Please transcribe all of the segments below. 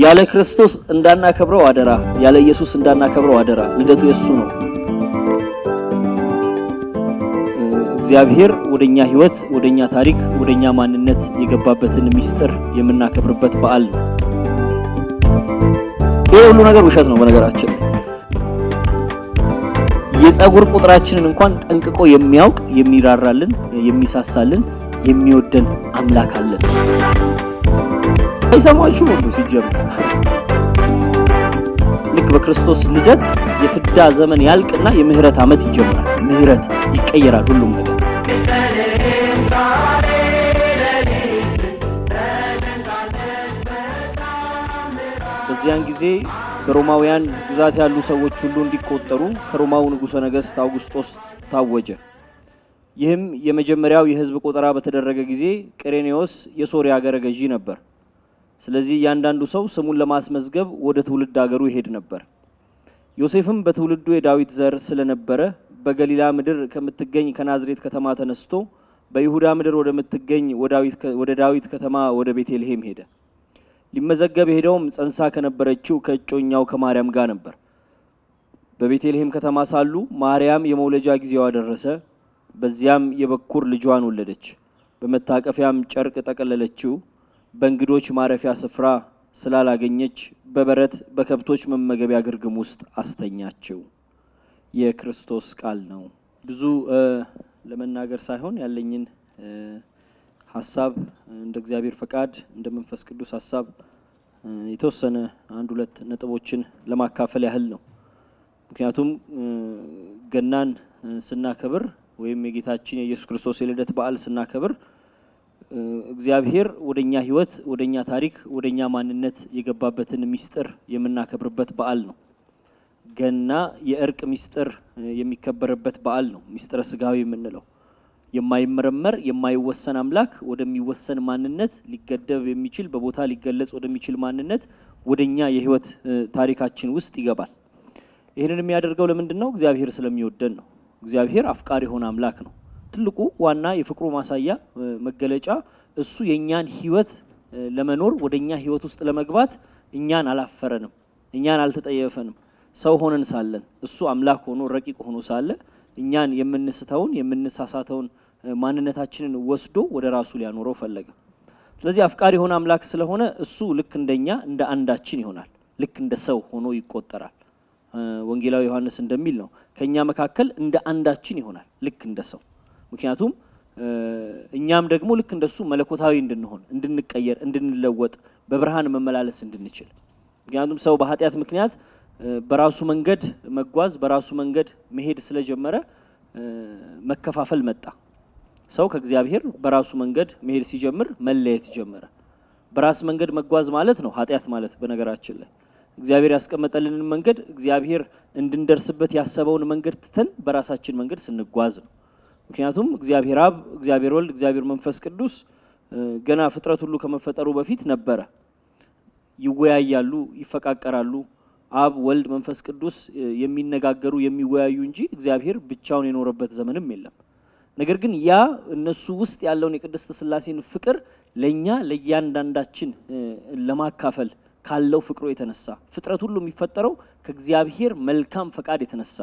ያለ ክርስቶስ እንዳናከብረው አደራ፣ ያለ ኢየሱስ እንዳናከብረው አደራ። ልደቱ የሱ ነው። እግዚአብሔር ወደኛ ህይወት ወደኛ ታሪክ ወደኛ ማንነት የገባበትን ምስጢር የምናከብርበት በዓል ነው። ይሄ ሁሉ ነገር ውሸት ነው። በነገራችን የፀጉር ቁጥራችንን እንኳን ጠንቅቆ የሚያውቅ የሚራራልን፣ የሚሳሳልን፣ የሚወደን አምላክ አለን። አይሰማችሁም ሁሉ ሲጀምር ልክ በክርስቶስ ልደት የፍዳ ዘመን ያልቅና የምህረት ዓመት ይጀምራል። ምህረት ይቀየራል ሁሉም ነገር። በዚያን ጊዜ በሮማውያን ግዛት ያሉ ሰዎች ሁሉ እንዲቆጠሩ ከሮማው ንጉሠ ነገሥት አውግስጦስ ታወጀ። ይህም የመጀመሪያው የህዝብ ቆጠራ በተደረገ ጊዜ ቀሬኔዎስ የሶሪያ አገረ ገዢ ነበር። ስለዚህ እያንዳንዱ ሰው ስሙን ለማስመዝገብ ወደ ትውልድ አገሩ ይሄድ ነበር። ዮሴፍም በትውልዱ የዳዊት ዘር ስለነበረ በገሊላ ምድር ከምትገኝ ከናዝሬት ከተማ ተነስቶ በይሁዳ ምድር ወደምትገኝ ወደ ዳዊት ከተማ ወደ ቤተልሔም ሄደ። ሊመዘገብ የሄደውም ጸንሳ ከነበረችው ከእጮኛው ከማርያም ጋር ነበር። በቤተልሔም ከተማ ሳሉ ማርያም የመውለጃ ጊዜዋ ደረሰ። በዚያም የበኩር ልጇን ወለደች። በመታቀፊያም ጨርቅ ጠቀለለችው። በእንግዶች ማረፊያ ስፍራ ስላላገኘች በበረት በከብቶች መመገቢያ ግርግም ውስጥ አስተኛችው። የክርስቶስ ቃል ነው። ብዙ ለመናገር ሳይሆን ያለኝን ሀሳብ እንደ እግዚአብሔር ፈቃድ እንደ መንፈስ ቅዱስ ሀሳብ የተወሰነ አንድ ሁለት ነጥቦችን ለማካፈል ያህል ነው። ምክንያቱም ገናን ስናከብር ወይም የጌታችን የኢየሱስ ክርስቶስ የልደት በዓል ስናከብር እግዚአብሔር ወደኛ ህይወት ወደኛ ታሪክ ወደኛ ማንነት የገባበትን ሚስጥር የምናከብርበት በዓል ነው። ገና የእርቅ ሚስጥር የሚከበርበት በዓል ነው። ሚስጥረ ስጋዊ የምንለው የማይመረመር የማይወሰን አምላክ ወደሚወሰን ማንነት ሊገደብ የሚችል በቦታ ሊገለጽ ወደሚችል ማንነት ወደኛ የህይወት ታሪካችን ውስጥ ይገባል። ይህንን የሚያደርገው ለምንድን ነው? እግዚአብሔር ስለሚወደን ነው። እግዚአብሔር አፍቃሪ የሆነ አምላክ ነው። ትልቁ ዋና የፍቅሩ ማሳያ መገለጫ እሱ የእኛን ህይወት ለመኖር ወደ እኛ ህይወት ውስጥ ለመግባት እኛን አላፈረንም፣ እኛን አልተጠየፈንም። ሰው ሆነን ሳለን እሱ አምላክ ሆኖ ረቂቅ ሆኖ ሳለ እኛን የምንስተውን የምንሳሳተውን ማንነታችንን ወስዶ ወደ ራሱ ሊያኖረው ፈለገ። ስለዚህ አፍቃሪ የሆነ አምላክ ስለሆነ እሱ ልክ እንደኛ እንደ አንዳችን ይሆናል። ልክ እንደ ሰው ሆኖ ይቆጠራል። ወንጌላዊ ዮሐንስ እንደሚል ነው ከኛ መካከል እንደ አንዳችን ይሆናል ልክ እንደ ሰው ምክንያቱም እኛም ደግሞ ልክ እንደሱ መለኮታዊ እንድንሆን እንድንቀየር፣ እንድንለወጥ በብርሃን መመላለስ እንድንችል ምክንያቱም ሰው በኃጢአት ምክንያት በራሱ መንገድ መጓዝ በራሱ መንገድ መሄድ ስለጀመረ መከፋፈል መጣ። ሰው ከእግዚአብሔር በራሱ መንገድ መሄድ ሲጀምር መለየት ጀመረ። በራስ መንገድ መጓዝ ማለት ነው ኃጢአት ማለት በነገራችን ላይ እግዚአብሔር ያስቀመጠልንን መንገድ እግዚአብሔር እንድንደርስበት ያሰበውን መንገድ ትተን በራሳችን መንገድ ስንጓዝ ነው። ምክንያቱም እግዚአብሔር አብ፣ እግዚአብሔር ወልድ፣ እግዚአብሔር መንፈስ ቅዱስ ገና ፍጥረት ሁሉ ከመፈጠሩ በፊት ነበረ። ይወያያሉ፣ ይፈቃቀራሉ። አብ፣ ወልድ፣ መንፈስ ቅዱስ የሚነጋገሩ የሚወያዩ እንጂ እግዚአብሔር ብቻውን የኖረበት ዘመንም የለም። ነገር ግን ያ እነሱ ውስጥ ያለውን የቅድስት ስላሴን ፍቅር ለእኛ ለእያንዳንዳችን ለማካፈል ካለው ፍቅሩ የተነሳ ፍጥረት ሁሉ የሚፈጠረው ከእግዚአብሔር መልካም ፈቃድ የተነሳ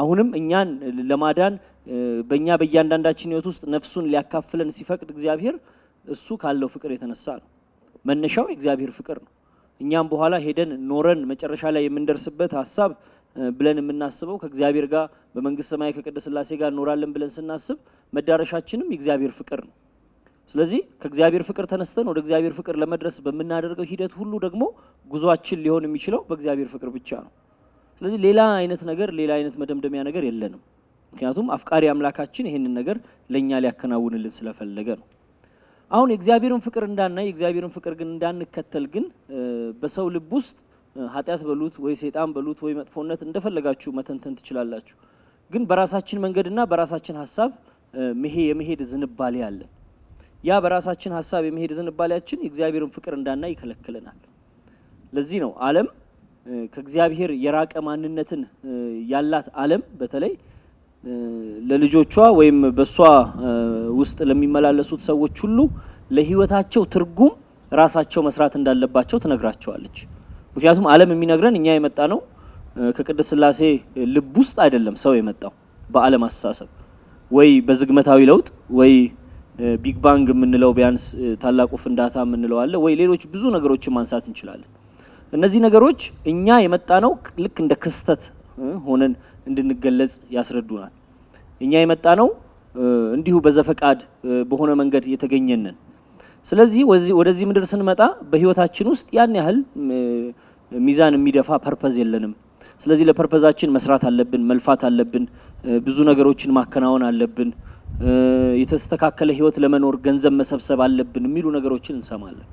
አሁንም እኛን ለማዳን በእኛ በእያንዳንዳችን ህይወት ውስጥ ነፍሱን ሊያካፍለን ሲፈቅድ እግዚአብሔር እሱ ካለው ፍቅር የተነሳ ነው። መነሻው የእግዚአብሔር ፍቅር ነው። እኛም በኋላ ሄደን ኖረን መጨረሻ ላይ የምንደርስበት ሀሳብ ብለን የምናስበው ከእግዚአብሔር ጋር በመንግስት ሰማይ ከቅድስት ስላሴ ጋር እኖራለን ብለን ስናስብ መዳረሻችንም የእግዚአብሔር ፍቅር ነው። ስለዚህ ከእግዚአብሔር ፍቅር ተነስተን ወደ እግዚአብሔር ፍቅር ለመድረስ በምናደርገው ሂደት ሁሉ ደግሞ ጉዟችን ሊሆን የሚችለው በእግዚአብሔር ፍቅር ብቻ ነው። ስለዚህ ሌላ አይነት ነገር ሌላ አይነት መደምደሚያ ነገር የለንም። ምክንያቱም አፍቃሪ አምላካችን ይህንን ነገር ለእኛ ሊያከናውንልን ስለፈለገ ነው። አሁን የእግዚአብሔርን ፍቅር እንዳናይ የእግዚአብሔርን ፍቅር ግን እንዳንከተል ግን በሰው ልብ ውስጥ ኃጢአት በሉት ወይ ሴጣን በሉት ወይ መጥፎነት እንደፈለጋችሁ መተንተን ትችላላችሁ። ግን በራሳችን መንገድና በራሳችን ሀሳብ መሄ የመሄድ ዝንባሌ አለን። ያ በራሳችን ሀሳብ የመሄድ ዝንባሌያችን የእግዚአብሔርን ፍቅር እንዳናይ ይከለክለናል። ለዚህ ነው አለም ከእግዚአብሔር የራቀ ማንነትን ያላት ዓለም በተለይ ለልጆቿ ወይም በሷ ውስጥ ለሚመላለሱት ሰዎች ሁሉ ለሕይወታቸው ትርጉም ራሳቸው መስራት እንዳለባቸው ትነግራቸዋለች። ምክንያቱም ዓለም የሚነግረን እኛ የመጣ ነው ከቅድስት ስላሴ ልብ ውስጥ አይደለም። ሰው የመጣው በዓለም አስተሳሰብ ወይ በዝግመታዊ ለውጥ ወይ ቢግ ባንግ የምንለው ቢያንስ ታላቁ ፍንዳታ የምንለው አለ ወይ ሌሎች ብዙ ነገሮችን ማንሳት እንችላለን። እነዚህ ነገሮች እኛ የመጣ ነው ልክ እንደ ክስተት ሆነን እንድንገለጽ ያስረዱናል። እኛ የመጣ ነው እንዲሁ በዘፈቃድ በሆነ መንገድ የተገኘንን። ስለዚህ ወደዚህ ምድር ስንመጣ በህይወታችን ውስጥ ያን ያህል ሚዛን የሚደፋ ፐርፐዝ የለንም። ስለዚህ ለፐርፐዛችን መስራት አለብን፣ መልፋት አለብን፣ ብዙ ነገሮችን ማከናወን አለብን፣ የተስተካከለ ህይወት ለመኖር ገንዘብ መሰብሰብ አለብን የሚሉ ነገሮችን እንሰማለን።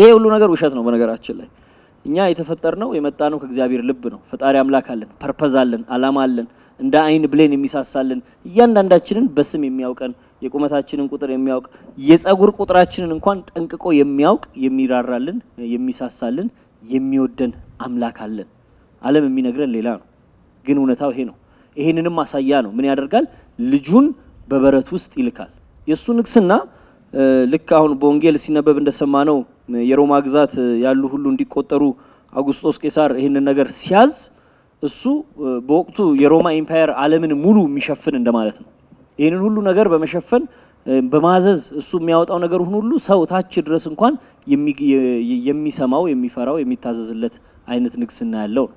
ይሄ ሁሉ ነገር ውሸት ነው። በነገራችን ላይ እኛ የተፈጠርነው የመጣነው ከእግዚአብሔር ልብ ነው። ፈጣሪ አምላክ አለን፣ ፐርፐዝ አለን፣ አላማ አለን። እንደ አይን ብሌን የሚሳሳልን እያንዳንዳችንን በስም የሚያውቀን የቁመታችንን ቁጥር የሚያውቅ የጸጉር ቁጥራችንን እንኳን ጠንቅቆ የሚያውቅ የሚራራልን፣ የሚሳሳልን፣ የሚወደን አምላክ አለን። ዓለም የሚነግረን ሌላ ነው፣ ግን እውነታው ይሄ ነው። ይሄንንም ማሳያ ነው። ምን ያደርጋል? ልጁን በበረት ውስጥ ይልካል። የእሱ ንግስና ልክ አሁን በወንጌል ሲነበብ እንደሰማ ነው። የሮማ ግዛት ያሉ ሁሉ እንዲቆጠሩ አውጉስጦስ ቄሳር ይህንን ነገር ሲያዝ እሱ በወቅቱ የሮማ ኢምፓየር ዓለምን ሙሉ የሚሸፍን እንደማለት ነው። ይህንን ሁሉ ነገር በመሸፈን በማዘዝ እሱ የሚያወጣው ነገር ሁሉ ሰው ታች ድረስ እንኳን የሚሰማው የሚፈራው የሚታዘዝለት አይነት ንግስና ያለው ነው።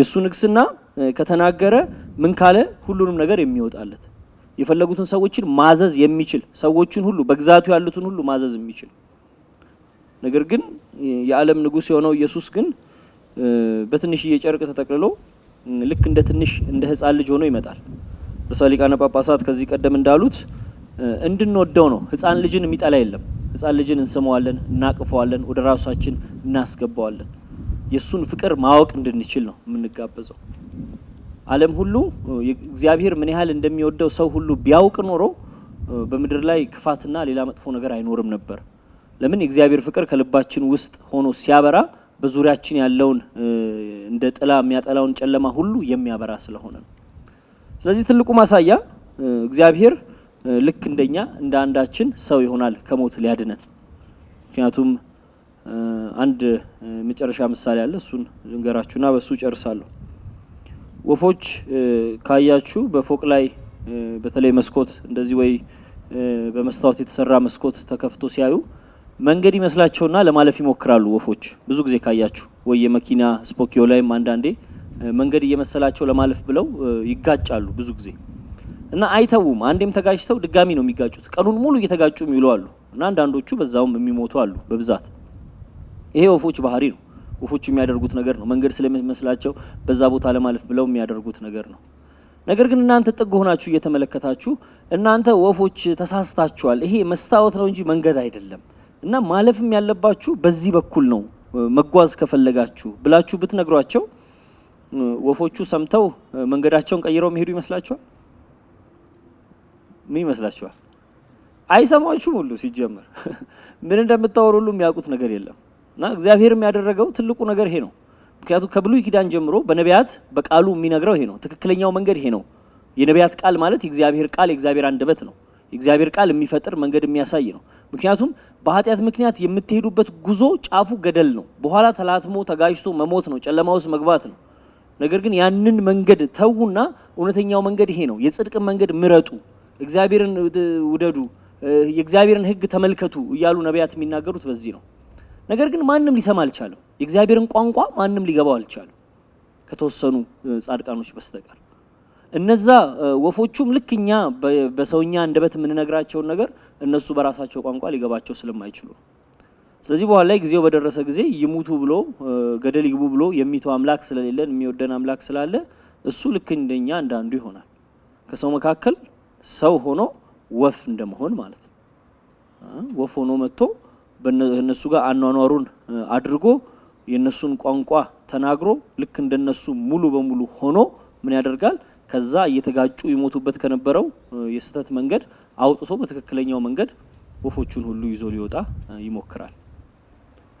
የእሱ ንግስና ከተናገረ ምን ካለ ሁሉንም ነገር የሚወጣለት የፈለጉትን ሰዎችን ማዘዝ የሚችል ሰዎችን ሁሉ በግዛቱ ያሉትን ሁሉ ማዘዝ የሚችል ነገር ግን የዓለም ንጉስ የሆነው ኢየሱስ ግን በትንሽዬ ጨርቅ ተጠቅልሎ ልክ እንደ ትንሽ እንደ ህፃን ልጅ ሆኖ ይመጣል። ርዕሰ ሊቃነ ጳጳሳት ከዚህ ቀደም እንዳሉት እንድንወደው ነው። ህፃን ልጅን የሚጠላ የለም። ህፃን ልጅን እንስመዋለን፣ እናቅፈዋለን፣ ወደ ራሳችን እናስገባዋለን። የእሱን ፍቅር ማወቅ እንድንችል ነው የምንጋበዘው። ዓለም ሁሉ እግዚአብሔር ምን ያህል እንደሚወደው ሰው ሁሉ ቢያውቅ ኖሮ በምድር ላይ ክፋትና ሌላ መጥፎ ነገር አይኖርም ነበር። ለምን የእግዚአብሔር ፍቅር ከልባችን ውስጥ ሆኖ ሲያበራ በዙሪያችን ያለውን እንደ ጥላ የሚያጠላውን ጨለማ ሁሉ የሚያበራ ስለሆነ ነው። ስለዚህ ትልቁ ማሳያ እግዚአብሔር ልክ እንደኛ እንደ አንዳችን ሰው ይሆናል ከሞት ሊያድነን። ምክንያቱም አንድ መጨረሻ ምሳሌ አለ። እሱን ልንገራችሁና በሱ ጨርሳለሁ። ወፎች ካያችሁ በፎቅ ላይ በተለይ መስኮት እንደዚህ ወይ በመስታወት የተሰራ መስኮት ተከፍቶ ሲያዩ መንገድ ይመስላቸውና ለማለፍ ይሞክራሉ ወፎች ብዙ ጊዜ ካያችሁ ወይ የመኪና ስፖኪዮ ላይም አንዳንዴ መንገድ እየመሰላቸው ለማለፍ ብለው ይጋጫሉ ብዙ ጊዜ እና አይተውም። አንዴም ተጋጭተው ድጋሚ ነው የሚጋጩት። ቀኑን ሙሉ እየተጋጩ የሚውሉ አሉ እና አንዳንዶቹ በዛውም የሚሞቱ አሉ በብዛት። ይሄ ወፎች ባህሪ ነው። ወፎች የሚያደርጉት ነገር ነው። መንገድ ስለሚመስላቸው በዛ ቦታ ለማለፍ ብለው የሚያደርጉት ነገር ነው። ነገር ግን እናንተ ጥግ ሆናችሁ እየተመለከታችሁ እናንተ ወፎች ተሳስታችኋል፣ ይሄ መስታወት ነው እንጂ መንገድ አይደለም እና ማለፍም ያለባችሁ በዚህ በኩል ነው መጓዝ ከፈለጋችሁ ብላችሁ ብትነግሯቸው ወፎቹ ሰምተው መንገዳቸውን ቀይረው የሚሄዱ ይመስላችኋል? ምን ይመስላችኋል? አይሰማችሁም። ሁሉ ሲጀመር ምን እንደምታወሩ ሁሉ የሚያውቁት ነገር የለም። እና እግዚአብሔር ያደረገው ትልቁ ነገር ይሄ ነው። ምክንያቱም ከብሉይ ኪዳን ጀምሮ በነቢያት በቃሉ የሚነግረው ይሄ ነው። ትክክለኛው መንገድ ይሄ ነው። የነቢያት ቃል ማለት የእግዚአብሔር ቃል የእግዚአብሔር አንደበት ነው። የእግዚአብሔር ቃል የሚፈጥር መንገድ የሚያሳይ ነው። ምክንያቱም በኃጢአት ምክንያት የምትሄዱበት ጉዞ ጫፉ ገደል ነው። በኋላ ተላትሞ ተጋጅቶ መሞት ነው፣ ጨለማ ውስጥ መግባት ነው። ነገር ግን ያንን መንገድ ተዉና እውነተኛው መንገድ ይሄ ነው፣ የጽድቅን መንገድ ምረጡ፣ እግዚአብሔርን ውደዱ፣ የእግዚአብሔርን ሕግ ተመልከቱ እያሉ ነቢያት የሚናገሩት በዚህ ነው። ነገር ግን ማንም ሊሰማ አልቻለም። የእግዚአብሔርን ቋንቋ ማንም ሊገባው አልቻለም ከተወሰኑ ጻድቃኖች በስተቀር እነዛ ወፎቹም ልክ እኛ በሰውኛ አንደበት የምንነግራቸውን ነገር እነሱ በራሳቸው ቋንቋ ሊገባቸው ስለማይችሉ ስለዚህ በኋላ ላይ ጊዜው በደረሰ ጊዜ ይሙቱ ብሎ ገደል ይግቡ ብሎ የሚተው አምላክ ስለሌለን የሚወደን አምላክ ስላለ እሱ ልክ እንደኛ እንዳንዱ ይሆናል። ከሰው መካከል ሰው ሆኖ ወፍ እንደመሆን ማለት ነው። ወፍ ሆኖ መጥቶ እነሱ ጋር አኗኗሩን አድርጎ የእነሱን ቋንቋ ተናግሮ ልክ እንደነሱ ሙሉ በሙሉ ሆኖ ምን ያደርጋል? ከዛ እየተጋጩ ይሞቱበት ከነበረው የስህተት መንገድ አውጥቶ በትክክለኛው መንገድ ወፎቹን ሁሉ ይዞ ሊወጣ ይሞክራል።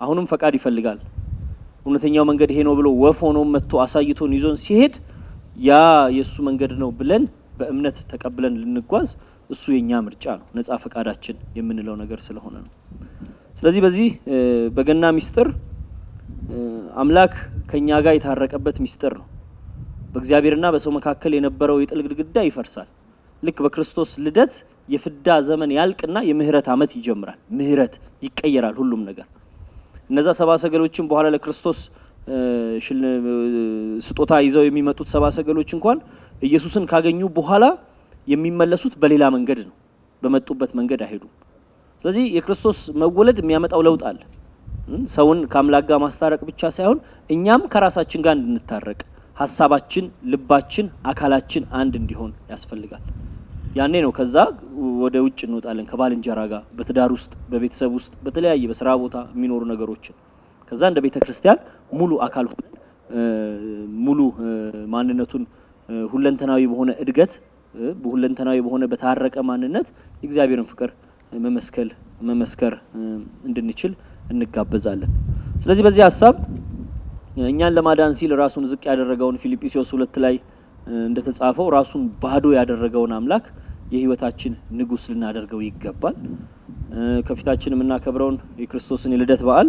አሁንም ፈቃድ ይፈልጋል። እውነተኛው መንገድ ይሄ ነው ብሎ ወፍ ሆኖ መጥቶ አሳይቶን ይዞን ሲሄድ ያ የእሱ መንገድ ነው ብለን በእምነት ተቀብለን ልንጓዝ እሱ የኛ ምርጫ ነው፣ ነጻ ፈቃዳችን የምንለው ነገር ስለሆነ ነው። ስለዚህ በዚህ በገና ሚስጥር አምላክ ከኛ ጋር የታረቀበት ሚስጥር ነው። በእግዚአብሔርና በሰው መካከል የነበረው የጥል ግድግዳ ይፈርሳል። ልክ በክርስቶስ ልደት የፍዳ ዘመን ያልቅና የምህረት ዓመት ይጀምራል። ምህረት ይቀየራል፣ ሁሉም ነገር። እነዛ ሰባ ሰገሎችን በኋላ ለክርስቶስ ስጦታ ይዘው የሚመጡት ሰባ ሰገሎች እንኳን ኢየሱስን ካገኙ በኋላ የሚመለሱት በሌላ መንገድ ነው። በመጡበት መንገድ አይሄዱም። ስለዚህ የክርስቶስ መወለድ የሚያመጣው ለውጥ አለ። ሰውን ከአምላክ ጋር ማስታረቅ ብቻ ሳይሆን እኛም ከራሳችን ጋር እንድንታረቅ ሀሳባችን፣ ልባችን፣ አካላችን አንድ እንዲሆን ያስፈልጋል። ያኔ ነው ከዛ ወደ ውጭ እንወጣለን ከባልንጀራ ጋር በትዳር ውስጥ በቤተሰብ ውስጥ በተለያየ በስራ ቦታ የሚኖሩ ነገሮችን ከዛ እንደ ቤተ ክርስቲያን ሙሉ አካል ሆነን ሙሉ ማንነቱን ሁለንተናዊ በሆነ እድገት በሁለንተናዊ በሆነ በታረቀ ማንነት የእግዚአብሔርን ፍቅር መመስከል መመስከር እንድንችል እንጋበዛለን። ስለዚህ በዚህ ሀሳብ እኛን ለማዳን ሲል ራሱን ዝቅ ያደረገውን ፊልጵስዩስ ሁለት ላይ እንደተጻፈው ራሱን ባዶ ያደረገውን አምላክ የህይወታችን ንጉስ ልናደርገው ይገባል። ከፊታችን የምናከብረውን የክርስቶስን የልደት በዓል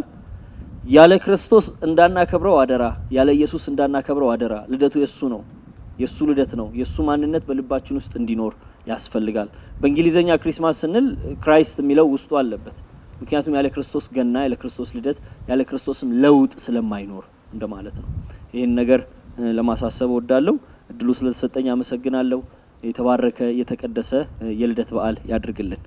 ያለ ክርስቶስ እንዳናከብረው አደራ፣ ያለ ኢየሱስ እንዳናከብረው አደራ። ልደቱ የሱ ነው፣ የሱ ልደት ነው። የሱ ማንነት በልባችን ውስጥ እንዲኖር ያስፈልጋል። በእንግሊዝኛ ክሪስማስ ስንል ክራይስት የሚለው ውስጡ አለበት። ምክንያቱም ያለ ክርስቶስ ገና፣ ያለ ክርስቶስ ልደት፣ ያለ ክርስቶስም ለውጥ ስለማይኖር እንደማለት ነው። ይህን ነገር ለማሳሰብ እወዳለሁ። እድሉ ስለተሰጠኝ አመሰግናለሁ። የተባረከ የተቀደሰ የልደት በዓል ያድርግልን።